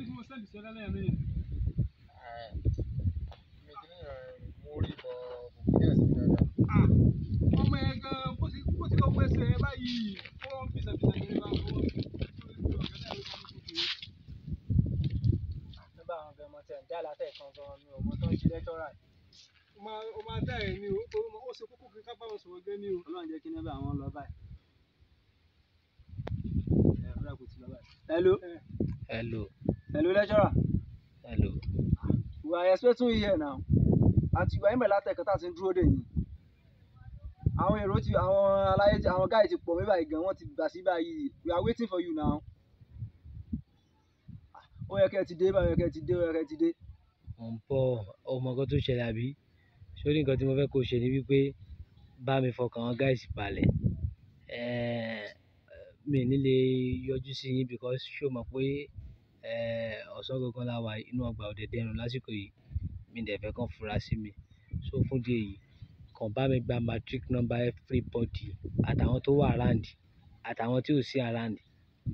kíní hello. hello. Hello, lecturer. Hello. We are expecting you here now. Àti ìgbà yín bẹ̀rẹ̀ látẹ̀kọ́ tá a ti ń dúró dè yín. Àwọn èrò ti àwọn aláyé ti àwọn gáì ti pọ̀ mí báyìí We are waiting for you now. Oh, yẹ kẹ́ ẹ ti dé, báyọ̀ kẹ́ ẹ ti dé, ó yẹ Oh, my God, dé. Mò ń bọ̀ ọmọ kan tó ṣẹlẹ̀ àbí? Sórí nǹkan tí mo fẹ́ kó ṣe ni wípé bá mi fọkàn àwọn gáì sì balẹ̀. Mi ò ní because show mọ̀ pé ọ̀sán gangan la wà inú ọgbà ọ̀dẹ̀dẹ̀ ẹran lásìkò yìí mi dẹ̀ fẹ́ kàn fura sí mi so fún di èyí kàn bá mi gba matric number everybody àtàwọn tó wà around àtàwọn tí ò sí around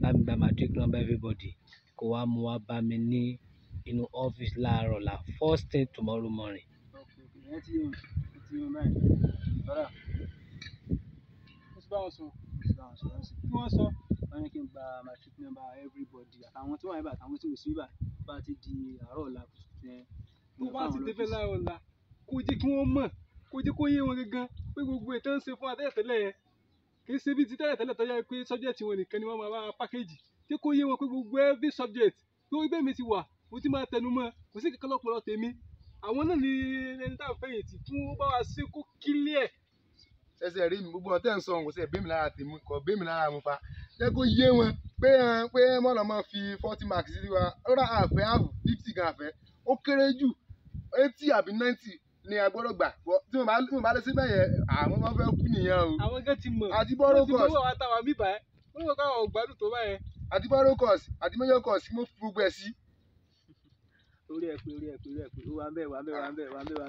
bá mi gba matric number everybody kó wá mú wá bá mi ní inú ọ́fíìsì láàárọ̀ la first thing tomorrow morning. Kí wọ́n wọ́n ní kí n gba my trip number everybody àtàwọn tí wọ́n wà níbẹ̀ àtàwọn tí kò sí níbẹ̀ bá ti di àárọ̀ ọ̀la kùtùkùtù yẹn. tó bá ti débẹ̀ láàárọ̀ ọ̀la kó jẹ́ kí wọ́n mọ̀ kó jẹ́ kó yé wọn gangan pé gbogbo ètò ń ṣe fún àtẹ́tẹ́lẹ̀ yẹn kì í ṣe bí ti tẹ́lẹ̀tẹ́lẹ̀ tó yẹ pé subject wọn nìkan ni wọ́n máa bá package jẹ́ kó yé wọn pé gbogbo every subject tó ibẹ̀ mi ti wà mo ti máa tẹnu mọ́ kò sí kankan lọ́pọ̀lọ́ tèmi àwọn náà ni ẹni tá à ń fẹ̀yìntì fún bá wa sí kó kílíẹ̀. ṣẹ̀ṣẹ̀ rí mi gbogbo ọtẹ ń sọ òun kò sí ẹ bẹmí lára tèmi kò bẹmí lára mo fa jẹ́ kó yé wọn pé pé mọ́nà máa fi forty marks sí wa rárá àfẹ́ ààbò fifty gan àfẹ́ ó kéré jù eighty àbí ninety ni a gbọ́dọ̀ gbà tí mo bá lè sí bẹ́ẹ̀ yẹn àwọn máa fẹ́ kú nìyẹn o. àwọn gẹ́gẹ́ ti mọ̀ àti bọ́rọ̀ kọ́s àti bọ́rọ̀ àtàwọn àmìbá ẹ̀ wọ́n kọ́ àwọn ògbádùn tó báyẹn. àti bọ́rọ̀ kọ́s àti mẹ́jọ kọ́s mo fi gbogbo ẹ̀ sí. orí pé orí pé orí pé wà wà wà wà wà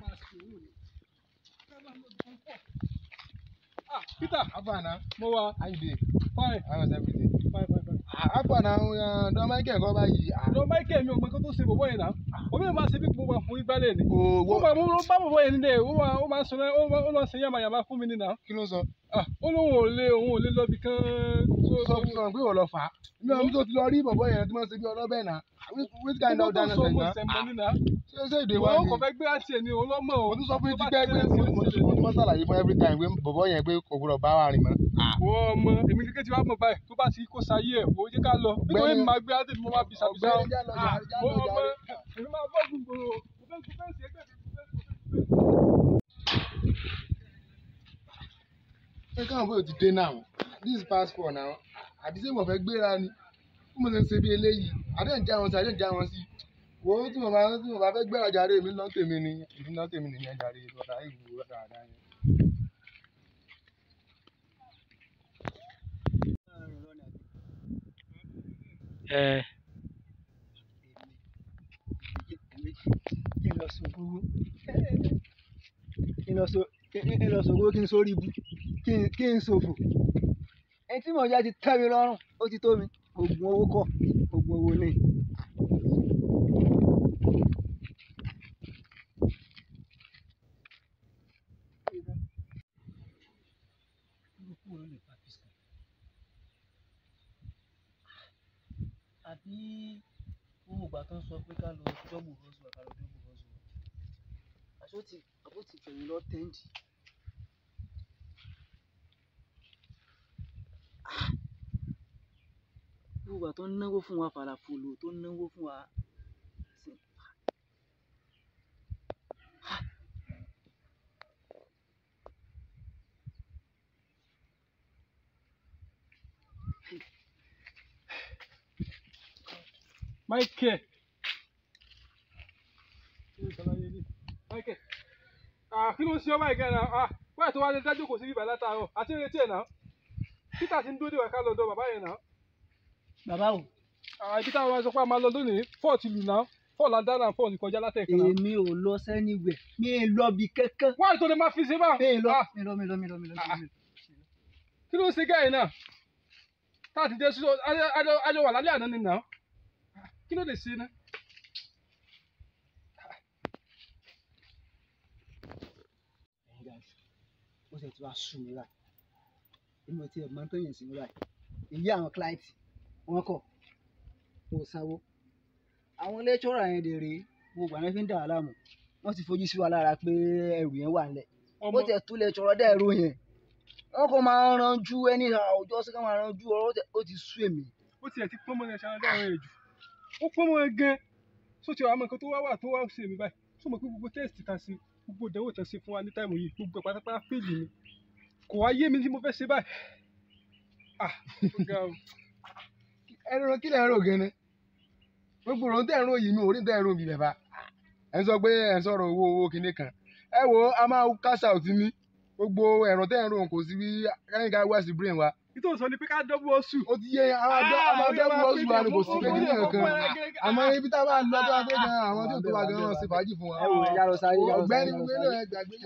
máa Ah, Peter. Abana. Mo wa. Ayinde. Fine. Àwọn ọ̀sẹ̀ fi dé. Fine fine fine. Abana ah, Don Michael kọ́ báyìí. Ah. Don Michael mi ò mọ nǹkan tó ṣe bọ̀bọ̀ yẹn náà. Ah. Omi ò máa ṣe bí gbogbo àwọn ìgbàlẹ̀ ni. Owó. Oh, ó máa mú bá bọ̀bọ̀ yẹn nílé. Ó máa ń sọ ó lọ ṣe yàmàyàmà fún mi nínà. Kí ló sọ? Ah, ó lóun ò lè òun ò lè lọ bí kan. sọ fún ọ pé ò lọ fà á. mi ò mú tó ti lọ rí bọ̀bọ̀ yẹn tí wọ́n ṣe bí ọlọ́ bẹ́ẹ̀ náà. which kind of dana sẹ̀yìn náà. ṣé ṣé èdè wa ni. wọn kò fẹ́ gbé àti ẹni ọlọ́mọ o. mo tún sọ fún yín ti gbẹ́ pé mo ti mọ sàlàyé fún every time pé bọ̀bọ̀ yẹn pé kò gbọdọ̀ bá wa rìn mọ́. Ah. wọ ọmọ èmi kékeré ti wá mọ báyìí tó bá ti kó sayé ẹ wo jẹ ká lọ nítorí màá gbé àti mo máa bìsàbìsà. ọgbẹ́ káwọn bóyá ti dé náà this passport náà àdìsẹ́ mọ̀ fẹ́ gbéra ni bí mo ṣe ń ṣe bí eléyìí àdéhùnjá wọn sí àdéhùnjá wọn sí wo tí mo bá tí mo bá fẹ́ gbéra jàre mi lọ́ tèmi ni èmi lọ́ tèmi nìyẹn jàre lọ́dà ìwúrọ̀ dáadáa yẹn. kí n lọ sọ owó kí n lọ sọ owó kí n sọ rí ibu kí n ṣòfò ẹni tí mò ń yá ti tẹ́ mi lọ́rùn ó ti tó mi oògùn owó kọ́ oògùn owó ni. àbí ohun ìgbà tó ń sọ pé ká lọ jọ́mù rọ́ọ̀sù ká jọ́mù rọ́ọ̀sù àṣọ ti àbó ti tẹ̀yìn lọ tẹ́ǹdì. Gbogbo ìgbà tó ń náwó fún wa fàlàfolo, tó ń náwó fún wa. Michael. Ah, kí ló ń ṣe ọ báyìí gan-an? Wáyà ah, tó wá lè dájú kò sí bíbá látàárọ̀, àti ìrètí ẹ̀ náà peter ti ń dúró dè wá ká lọ dọ bàbá yẹn náà. bàbá o. Ah, ibi táwọn máa sọ pé a máa lọ lónìí fọ́ọ̀ ti lù náà fọ́ọ̀ la dáná fọ́ọ̀ ní kọjá látẹ̀kẹ́ náà. èmi ò lọ sẹ́ni wẹ̀ mi ì lọ bí kankan. wọ́n àti tó lè máa fi ṣe bá. mi ah. lọ mi lọ mi lọ mi lọ mi lọ. kí ló ń ṣe gáyìí náà tá a ti jẹ́ sísọ ajọ wà lálẹ́ àná ni náà kí ló lè ṣe náà. ó sì ti wá sùn mí láti èmi ò tiẹ̀ mọ tó yìn sí mi báyìí ìyá àwọn kíláìtì wọn kọ̀ kò sanwó àwọn lẹ́tọ́rà yẹn dè rèé gbogbo àwọn fi ń dà wá láàmú wọ́n ti fojú sí wa lára pé ẹrù yẹn wà nílẹ̀ ó tẹ̀ tú lẹ́tọ́rọ̀ dẹ́ ẹrù yẹn wọ́n kò máa ń ranjú ẹni àwùjọ sí ká máa ranjú ọ̀rọ̀ ó ti sú èmi. ó tiẹ̀ ti pọ́nmọ́ ẹ̀ ṣáná dáhùn ẹ̀ jù ó pọ́nmọ́ ẹ gan sóti àwọn nǹkan tó wá wà tó wá sí èmi báyìí sọ ma pé gbogbo tẹ́sítì ta sí gbogbo ìdánwò ta sí fún wa ní táìmù yìí gbogbo pátápátá fèlì ni kò wá yé mi tí mo fẹ́ ṣe báyìí ah ó ga o. ẹran kí lè ń rò gẹ́nẹ́ gbogbo ọ̀rọ̀ tẹ̀ ń rò yìí mi ò rí tẹ̀ ń rò mi bàbá ẹ̀ ń sọ pé ẹ̀ ń sọ̀rọ̀ owó owó kinní kan ẹ wo a máa cash out ní gbogbo ẹ̀rọ tẹ̀ ń rò kò sí bí kẹ́yìn ká west brain wa. ìtò sọ ni pé ká dọ́bù oṣù. ó ti ah, yẹ àwọn dọ́bù oṣù wa ni kò sí pé kíni kankan àmọ́ ibi tá a bá lọ tó a pé gan àwọn tó tó wa gan ah, ṣe fàájì fún wa. ọ̀gbẹ́ni gbẹ́lẹ́ gbàgbé